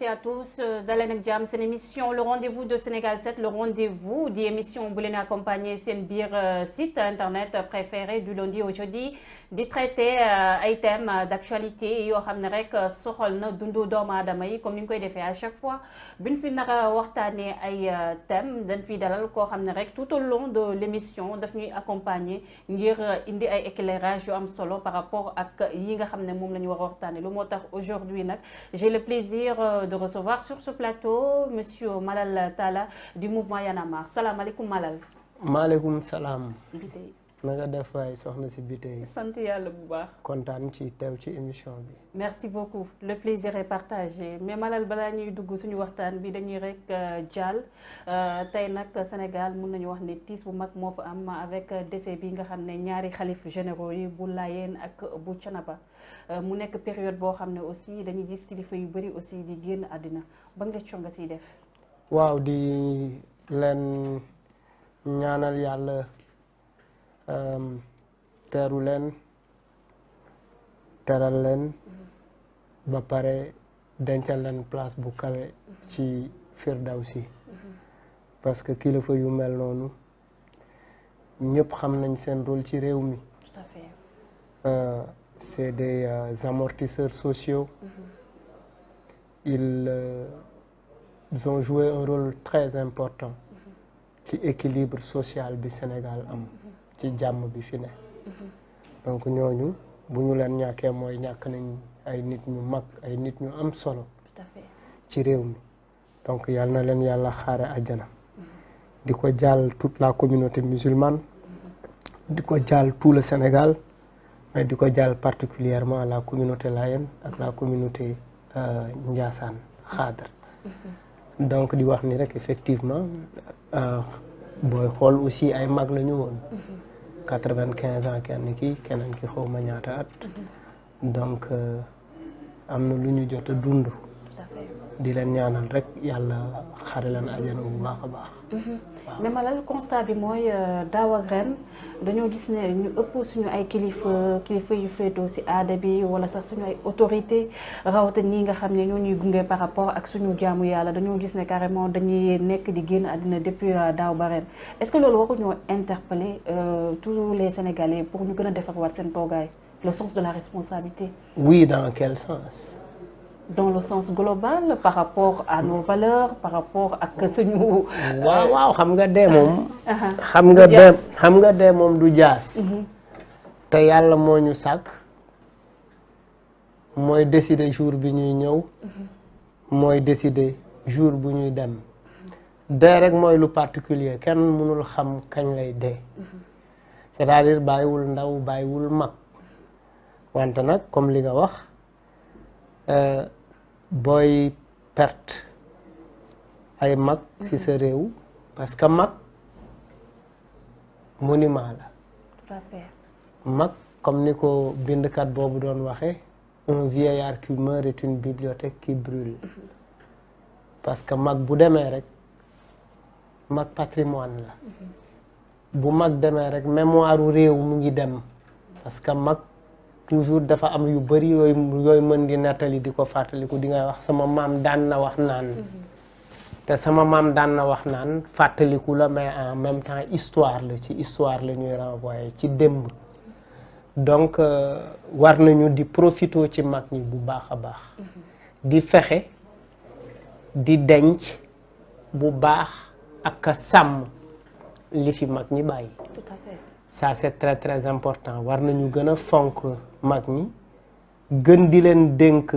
toutes et à tous euh, daleen ak jàmm seen émission le rendez-vous de Sénégal 7 le rendez-vous di émission bu leen accompagner seen biir euh, site internet préféré du lundi au jeudi di traiter euh, ay thèmes d'actualité yoo xam ne rek soxal na dundu doomu aadama yi comme ni ñu koy defee à chaque fois buñ fi nara waxtaanee ay thèmes dañ fi dalal koo xam ne rek tout au long de l'émission daf ñuy accompagner ngir indi ay éclairage yu am solo par rapport ak yi nga xam ne moom la ñu war a waxtaanee lu moo tax aujourd'hui nag j'ai le plaisir de recevoir sur ce plateau monsieur Malal Talla du mouvement Y'en a marre salaamaaleykum Malal. maaleykum salaam. na nga soxna si bi yi sant yàlla bu baax. kontaan ci teew ci émission bi. merci beaucoup le plaisir partage partagé mais malal balaa ñuy dugg suñu waxtaan bi dañuy rek euh, jàll euh, tey nag Sénégal mun nañu wax ne tiis bu mag moo fa am avec décès bi nga xam ne ñaari xalif généro yi bu Layeen ak bu Canaba euh, mu nekk période boo xam ne aussi dañuy gis kilifa yu bëri aussi di génn àddina ba nga coono nga siy def. waaw di leen ñaanal yàlla. teeru leen teral leen ba pare dencal leen place bu kawe ci si parce que kilifa yu mel noonu ñëpp xam nañ seen rôle ci réew mi c'est des euh, amortisseurs sociaux mm -hmm. ils, ont joué un rôle très important ci mm -hmm. équilibre social bi Sénégal am ci jàmm bi fi ne mhm. donc ñooñu bu ñu leen ñàkkee mooy ñàkk nañ ay nit ñu mag ay nit ñu am solo ci réew mi donc yàlla na leen yàlla xaare àjjana mhm. di ko jàll toute la communauté musulmane mhm. di ko jàll tout le Sénégal di ko jàll particulièrement la communauté layène ak la communauté euh, Ndiassane xaadar donc di wax ni rek effectivement euh, booy xool aussi ay mag la ñu woon quatre-vingt-quinze ans kenn kii keneen ki xaw ma ñaata at mm-hmm. donc euh, am na lu ñu jot a dund di leen ñaanal rek yàlla xare leen àjjana bu baax a baax. Mhm. mais constat bi mooy euh, daaw ak ren dañoo gis ne ñu ëpp suñu ay kilifa kilifa yu féetoo si aada bi wala sax suñu ay autorité rawatina ñi nga xam ne ñoo ñuy gunge par rapport ak suñu jaamu yàlla dañoo gis ne carrément dañuy nekk di génn àddina depuis euh, daaw ba ren est-ce que loolu waruñoo interpeller euh, tous les Sénégalais pour ñu gën a defar waat seen toogaay le sens de la responsabilité. oui dans quel dans le sens global par rapport ak suñu. waaw waaw xam nga dee moom. xam nga dee xam nga dee moom du jaas. Mhm. te yàlla moo ñu sàkk mooy décider jour bi ñuy ñëw. Mhm. mooy décider jour bu ñuy dem. dee rek mooy lu particulier kenn mënul xam kañ lay dee. Mhm. c'est-à-dire bàyyiwul ndaw bàyyiwul mag wante nag comme li nga wax. Euh, booy perte ay mag ci sa mhm. réew parce que mag monument la mag comme ni ko bindkat boobu doon waxe un vieillard qui meurt est une bibliothèque qui brûle mhm. parce que mag bu demee rek mag patrimoine la mhm. bu mag demee rek mémoire réew mu ngi dem parce que mag toujours dafa am yu bari yooyu mën di nettali di ko fàttaliku di nga wax sama maam daan na wax naan mm-hmm. te sama maam daan na wax naan fàttaliku la mais en même temps histoire la ci histoire la ñuy renvoyé ci démb donc euh, war nañu di profito ci mag ñi bu baax a baax mm-hmm. di fexe di denc bu baax ak sàmm li fi mag ñi bàyyi ça c'est très très important war nañu gën a fonk mag ñi gën di leen dénk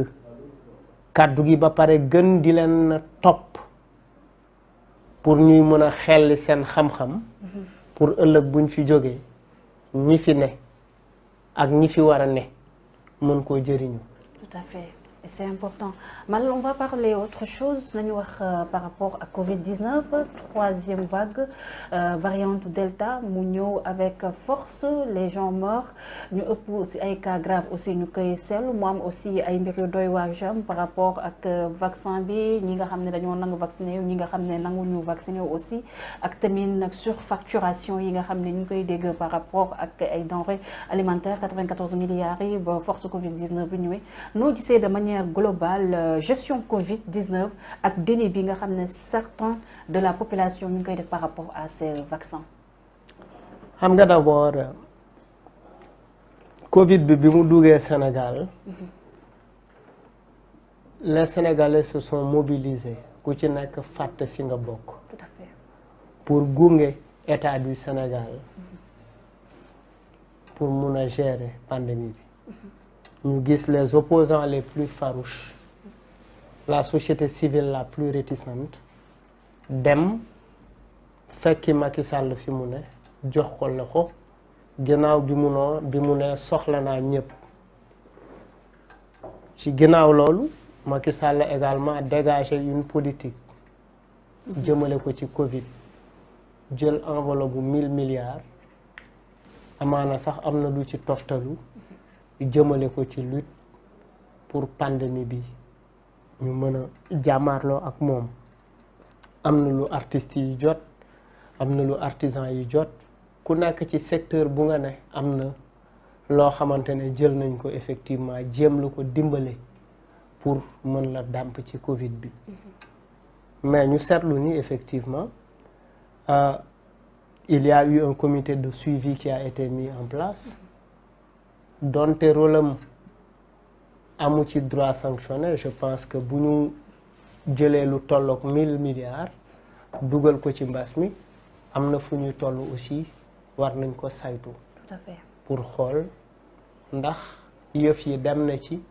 kàddu gi ba pare gën di leen topp pour ñuy mën a xelli seen xam-xam pour ëllëg buñ fi jógee ñi fi ne ak ñi fi war a ne mën koo jëriñu c'est important mal on va parler autre chose nañu wax euh, par rapport à Covid-19 troisième vague euh, variante Delta mu ñëw avec force les gens morts ñu ëpp ci ay cas grave aussi ñu koy seetlu mu am aussi ay mbir yu doy waar jam par rapport ak euh, vaccin bi ñi nga xam ne dañoo nangu vacciné wu ñi nga xam ne nangu ñu vacciné aussi ak tamit nag surfacturation yi nga xam ne ñu ngi koy dégg par rapport ak ay denrées alimentaires 94 milliards yi ba force Covid-19 bi ñëwee de manière manière globale euh, gestion Covid-19 ak déni bi nga xam ne certains de la population ñu ngi koy def par rapport à ces vaccins xam nga d'abord Covid bi bi mu duggee Sénégal mhm. les Sénégalais se sont ku ci nekk fàtte fi nga bokk pour gunge état du Sénégal mhm. pour mun a gérer pandémie bi mhm. ñu gis les opposants les plus farouches la société civile la plus réticente dem fekki Macky Sall fi mu ne jox ko na ko ginnaaw bi mu noo ne soxla naa ñëpp ci ginnaaw loolu Macky Sall également dégager une politique jëmale ko ci Covid jël enveloppe bu mille milliards amaana sax am na lu ci toftalu jëmale ko ci lutte pour pandémie bi ñu mën a jàmmaarloo ak moom am na lu artistes yi jot am na lu artisan yi jot ku nekk ci secteur bu nga ne am na loo xamante ne jël nañ ko effectivement jéem lu ko dimbale pour mën la dàmp ci Covid bi mm-hmm. mais ñu seetlu ni effectivement euh, il y a eu un comité de suivi qui a été mis en place mm-hmm. donte rôle amu ci droit sanctionnaire je pense que bu ñu jëlee lu tolloog mille milliards dugal ko ci mbas mi am na fu ñuy toll aussi war nañ ko saytu. pour xool ndax yëf yi dem na ci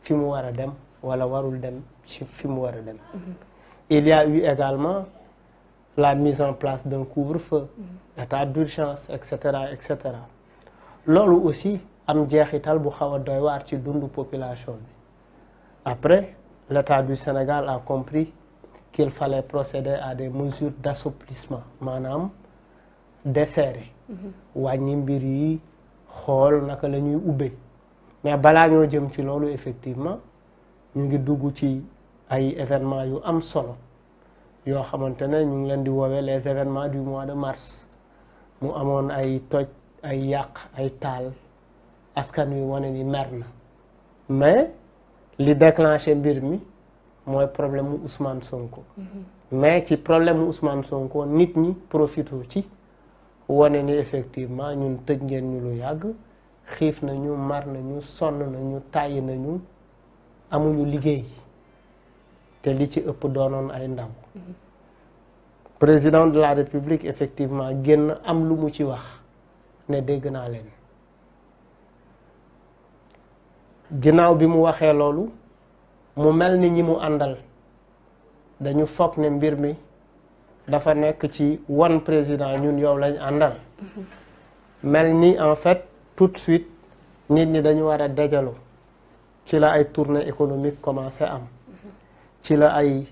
fi mu war a dem wala warul dem ci fi mu war a dem. Mhm. il y a également la mise en place d'un couvre fa mhm. état d'urgence et cetera et cetera. loolu aussi am jeexital bu xaw a doy ci dundu population bi après l'état du Sénégal a compris qu'il fallait procéder à des mesures d'assouplissement maanaam desserrer mhm. wàññi mbir yi xool naka la ñuy ubbee mais balaa ñoo jëm ci loolu effectivement ñu ngi dugg ci ay événements yu am solo yoo xamante ne ñu ngi leen di woowee les événements du mois de mars mu amoon ay toj ay yàq ay taal askan wi wane ni mer na mais li déclenché mbir mi mooy problème mu Sonko. Mhm. mais ci problème mu Ousmane Sonko nit ñi profité ci wane ni effectivement ñun tëj ngeen ñu lu yàgg xiif nañu mar nañu sonn nañu tàyyi nañu amuñu liggéey te li ci ëpp doonoon ay ndaw. Mhm. président de la république effectivement génn am lu mu ci wax. ne dégg naa leen ginnaaw bi mu waxee loolu mu mel ni ñi mu àndal dañu foog ne mbir mi dafa nekk ci wan président ñun yow lañ àndal mel ni en fait tout suite nit ñi dañu war a dajalu ci la ay tournée économique commencé am ci la ay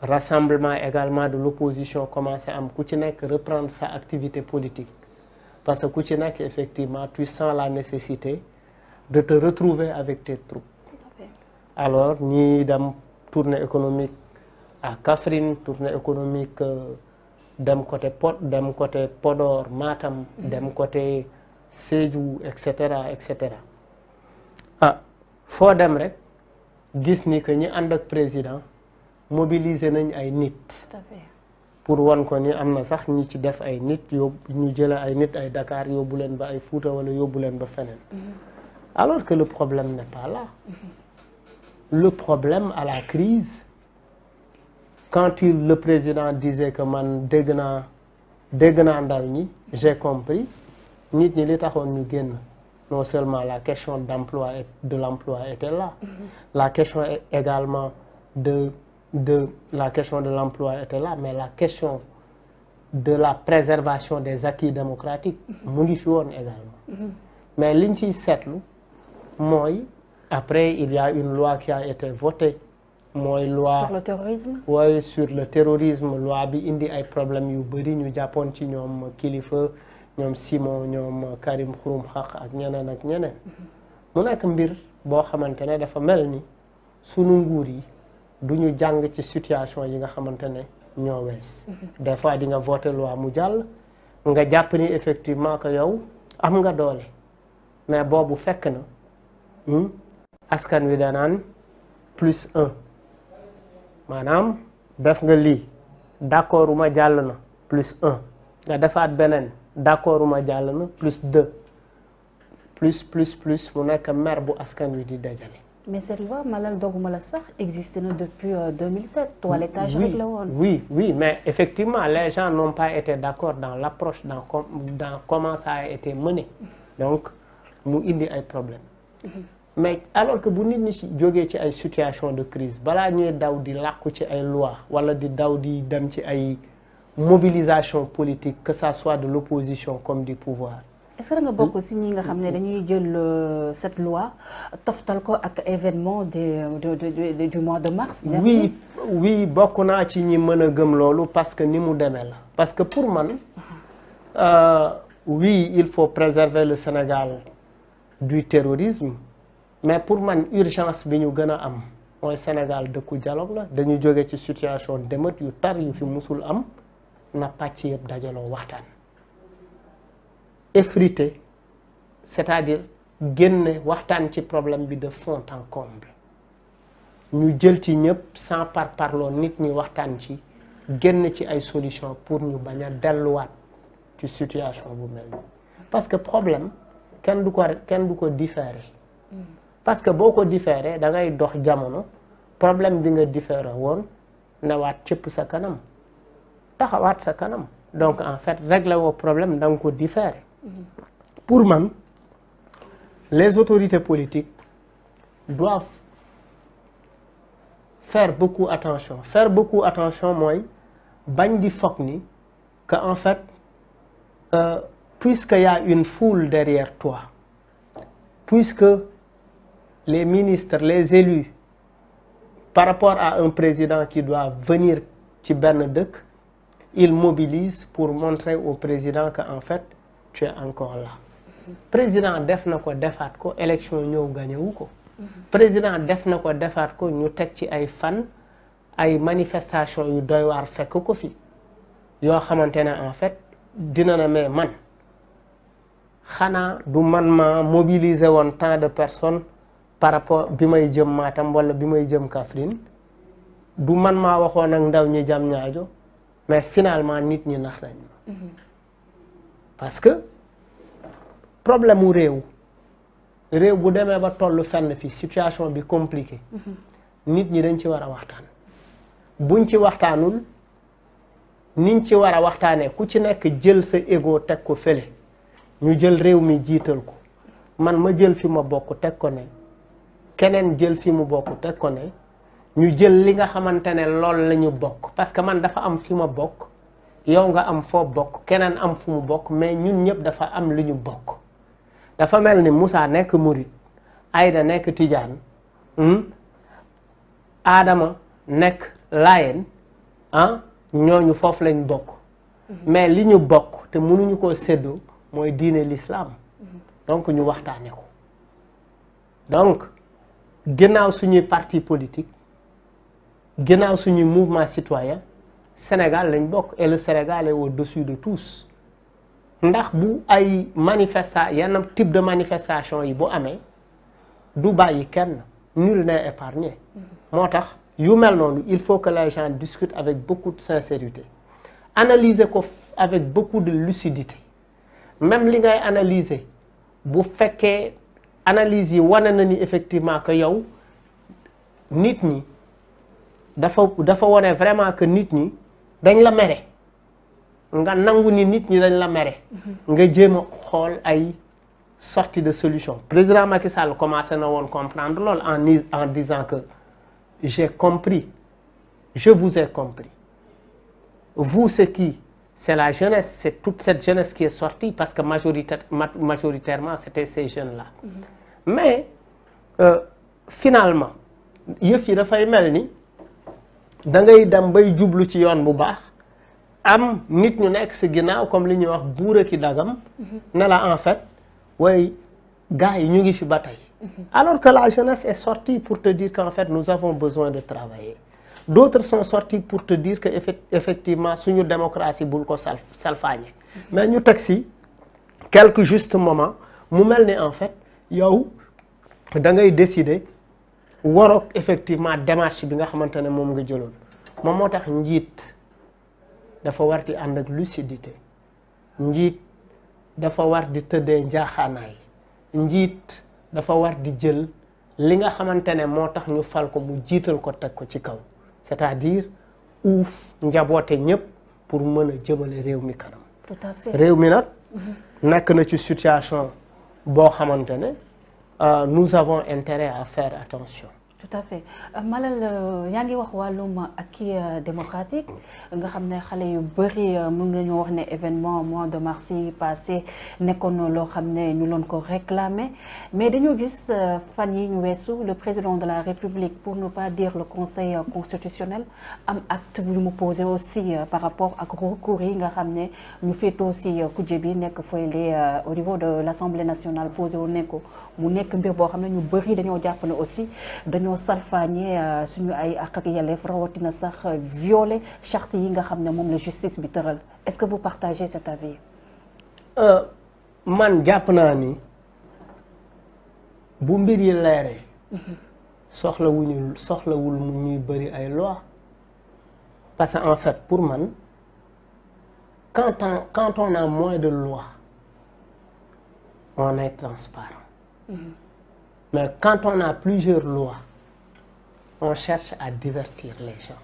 rassemblement également de l'opposition commencé am ku ci nekk reprendre sa activité politique parce que ku ci nekk effectivement tu sens la nécessité de te retrouver avec tes troupes alors ñii dem tournée économique à Kaffrine tournée économique euh, dem côté Pod dem côté Podor Matam mm-hmm. dem côté Sédhiou et cetera et cetera ah foo dem rek gis ni que ñi ànd ak président mobiliser nañ ay nit pour wan ko ni am na sax ñi ci def ay nit yóbbu ñu jële ay nit ay dakaar yóbbu leen ba ay Fuuta wala yóbbu leen ba feneen mm-hmm. alors que le problème n'est pas là mm-hmm. le problème à la crise quand le président disait que man dégg naa dégg naa ndaw ñi j'ai compris nit ñi li taxoon ñu génn non seulement la question d'emploi de l'emploi était là mm-hmm. la question également de de la question de l'emploi était la mais la question de la préservation des acquis démocratiques mu ngi fi woon également mm-hmm. mais liñ ciy seetlu mooy après il y une loi qui a été votée mooy loi sur le terrorisme sur le terrorisme loi bi indi ay problèmes yu bëri ñu jàppoon ci ñoom kilifa ñoom Simon ñoom Karim Xurum Xaq ak ñeneen ak ñeneen mm-hmm. mu nekk mbir boo xamante ne dafa mel ni sunu nguur yi du ñu jàng ci situation yi nga xamante ne ñoo wees mhm. des fois di nga voté loi mu jàll nga jàpp ni effectivement que yow am nga doole mais boobu fekk na hmm, askan wi naan plus un maanaam def nga lii d'accordu ma jàll na plus un nga defaat beneen d'accordu ma jàll na plus deux plus plus plus mu nekk mer bu askan wi di dajale mais Serigne malal doguma la sax existe na depuis 2007 toilettage rek la woon. oui wii mais effectivement les gens n'ont pas été d'accord dans l'approche dans com dans comment ça a été mené donc mu indi ay problème mm-hmm. mais alors que bu nit ñi ci jógee ci ay situation de crise balaa ñuy daw di làkku ci ay loi wala di daw di dem ci ay mobilisation politique que ça soit de l'opposition comme di pouvoir est-ce que da nga bokk si ñi nga xam ne dañuy jël euh, cette loi toftal ko ak événement de du mois de mars. oui oui bokk naa ci ñi mën a gëm loolu parce que ni mu demee la parce que pour man uh-huh. euh, oui il faut préserver le Sénégal du mais pour man urgence bi ñu gën a am mooy Sénégal dëkku dialogue la dañu jóge ci situation d'émeute yu tar yu fi musul am na pàcc yëpp dajaloo waxtaan. effrité c'est-à-dire génne waxtaan ci problème bi def fond en ñu jël ci ñëpp san par parloo nit ñi waxtaan ci génn ci ay solution pour ñu bañ a delluwaat ci situation bu mel nii parce que problème kenn du ko kenn ko différer parce que boo ko différer da ngay dox jamono problème bi nga différer woon newaat cëpp sa kanam taxawaat sa kanam donc en fait régler woo problème da ko différer pour man les autorités politiques doivent faire beaucoup attention faire beaucoup attention mooy bañ di foog ni que en fait euh, puisque y une foule derrière toi puisque les ministres les élus par rapport à un président qui doit venir ci benn dëkk il mobilise pour montrer au président que en fait tu es encore là président def na ko defaat ko élection ñëw gañewu ko président def na ko defaat ko ñu teg ci ay fan ay manifestation yu doy waar fekk ko fi yoo xamante ne en fait dina na mais man xanaa du man ma mobiliser woon tant de personnes par rapport bi may jëm maatam wala bi may jëm Kaffrine du man maa waxoon ak ndaw ñi jam ñaajo mais finalement nit ñi nax nañ ma mhm. parce que problème mu réew réew bu demee ba toll fenn fi situation bi compliqué nit ñi dañ ci war a waxtaan buñ ci waxtaanul niñ ci war a waxtaanee ku ci nekk jël sa ego teg ko fële ñu jël réew mi jiital ko man ma jël fi ma bokk teg ko ne keneen jël fi mu bokk teg ko ne ñu jël li nga xamante ne lool lañu bokk parce que man dafa am fi ma bokk yow nga am foo bokk keneen am fu mu bokk mais ñun ñëpp dafa am lu ñu bokk dafa mel ni Moussa nekk murit ayda nekk tijaan aadama hmm? nekk laayeen ah ñooñu foofu lañ bokk mhm. mais li ñu bokk te mënuñu koo seddoo mooy diine l'islam mhm. donc ñu waxtaane ko donc ginnaaw suñuy parti politique ginnaaw suñuy mouvement citoyen Sénégal lañ bokk et le Sénégal est au-dessus de tous ndax bu ay manifesta yenn type de manifestation yi bu amee du bàyyi kenn nul n'est épargné mm-hmm. moo tax yu mel noonu il faut que les gens discutent avec beaucoup de sincérité analyser ko avec beaucoup de lucidité même li ngay analyser bu fekkee analyse yi wane na ni effectivement que yow nit ñi dafa dafa wane vraiment que nit ñi dañ la mere nga nangu ni nit ñi dañ la mere nga jéem a xool ay sortie de solution président Macky Sall commencé na woon comprendre loolu en en disant que j'ai compris je vous ai compris vous ce qui c'est la jeunesse c'est tout cette jeunesse qui est sortie parce que majoritaire, majoritairement c'était ces jeunes-là mm -hmm. mais euh, finalement yëf yi dafay mel ni da ngay dem bay jublu ci yoon bu baax am nit ñu nekk si ginnaaw comme li ñuy wax buura ki dagam mhm. ne en fait way gars yi ñu ngi fi ba tey mhm. alors que la jeunesse est sortie pour te dire en fait nous avons besoin de travailler d'autres sont sortis pour te dire que effectivement suñu démocratie bul ko sal salfaañe mhm. mais ñu teg si quelques justes mu mel ni en fait yow da ngay décider waroog effectivement démarche bi nga xamante ne moom nga jëloon moom moo tax njiit dafa war di ànd ak lucidité njiit dafa war di tëddee njaaxaanaay njiit dafa war di jël li nga xamante ne moo tax ñu fal ko mu jiital ko teg ko ci kaw cest à diir uuf njaboote ñëpp pour mën a jëmale réew mi kanam. réew mi nag. Mhm. nakk na ci situation boo xamante ne. Euh, nous avons intérêt à faire attention. tout à fait euh, Malal euh, yaa ngi wax wàllum acquis euh, démocratique nga xam ne xale yu bëri mën nañu wax ne événement mois de mars yi passé nekkoon loo xam ne ñu loon ko réclamer mais dañoo gis fan yi ñu weesu le président de la république pour ne pas dire le conseil constitutionnel am acte bu mu posé aussi par rapport ak recours yi nga xam ne ñu féetoo si kujje bi nekk fo fooyle au niveau de l'assemblée nationale posé wu nekk mu nekk mbir ne ñu bëri dañoo jàpp ne dañoo salfaañe euh, suñu ay àq ak yelleef rawatina sax euh, violer charte yi nga xam ne moom la justice bi tëral est-ce que vous partagez cet avis euh, man jàpp naa ni bu mbir yi leeree soxlawuñu soxlawul mu ñuy bëri ay loi parce que en fait pour man quand on quand on a moins de loi on est transparent mm-hmm. mais quand a plusieurs lois on cherche à divertir les gens.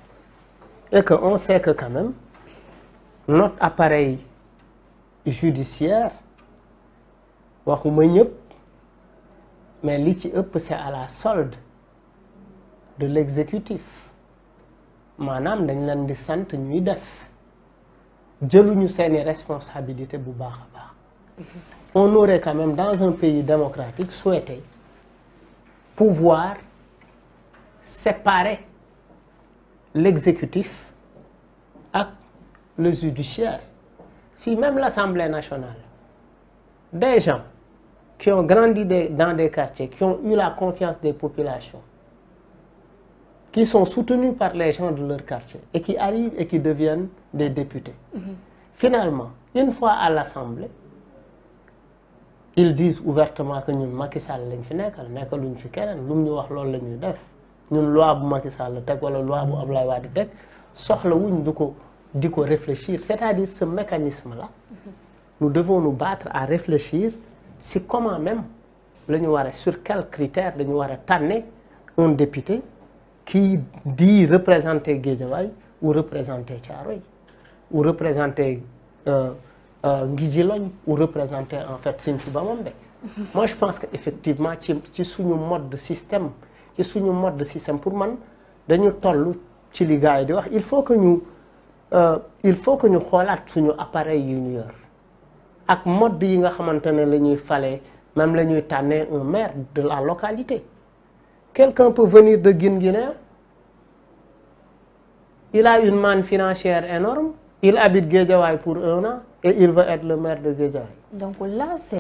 Et qu'on sait que quand not notre appareil judiciaire, waxuma ñëpp mais li ci ëpp c'est à la solde de l'exécutif maanaam dañ leen di sant ñuy def jëluñu seeni responsabilité bu baax a baax mm-hmm. on aurait quand même dans un pays démocratique souhaité pouvoir séparer l'exécutif ak le judiciaire fii même l'Assemblée nationale des gens qui ont grandi dans des quartiers qui ont eu la confiance des populations qui sont soutenus par les gens de leurs quartier et qui arrivent et qui deviennent des députés mmh. finalement une fois à l'Assemblée ils disent ouvertement que ñun Macky Sall lañ fi nekkal nekkaluñ fi keneen lu mu ñu wax loolu la ñuy def ñun loi bu Macky Sall la teg wala loi bu Abdoulaye Wade teg soxla wuñ du ko di ko réfléchir c'est-à-dire ce mécanisme la nous devons nous battre à réfléchir si comment même la ñu war a sur quels critères la ñu war a tànne un député qui di représenter Guédiawaye ou représenter Thiaroye ou représenter euh, euh, Nguidjilone ou représenter en fait ba Bamambé moi je pense que effectivement ci ci suñu mode de système ci suñu mode de système pour man dañu toll ci li gars di wax il faut que ñu euh, il faut que ñu xoolaat suñu appareil yu ñu yor ak mode yi nga xamante ne la ñuy fale même la ñuy tànnee un maire de la localité quelqu'un peut venir de Guinée il a une man financière énorme il habite Guédiawaye pour un an et il veut être le maire de Guédiawaye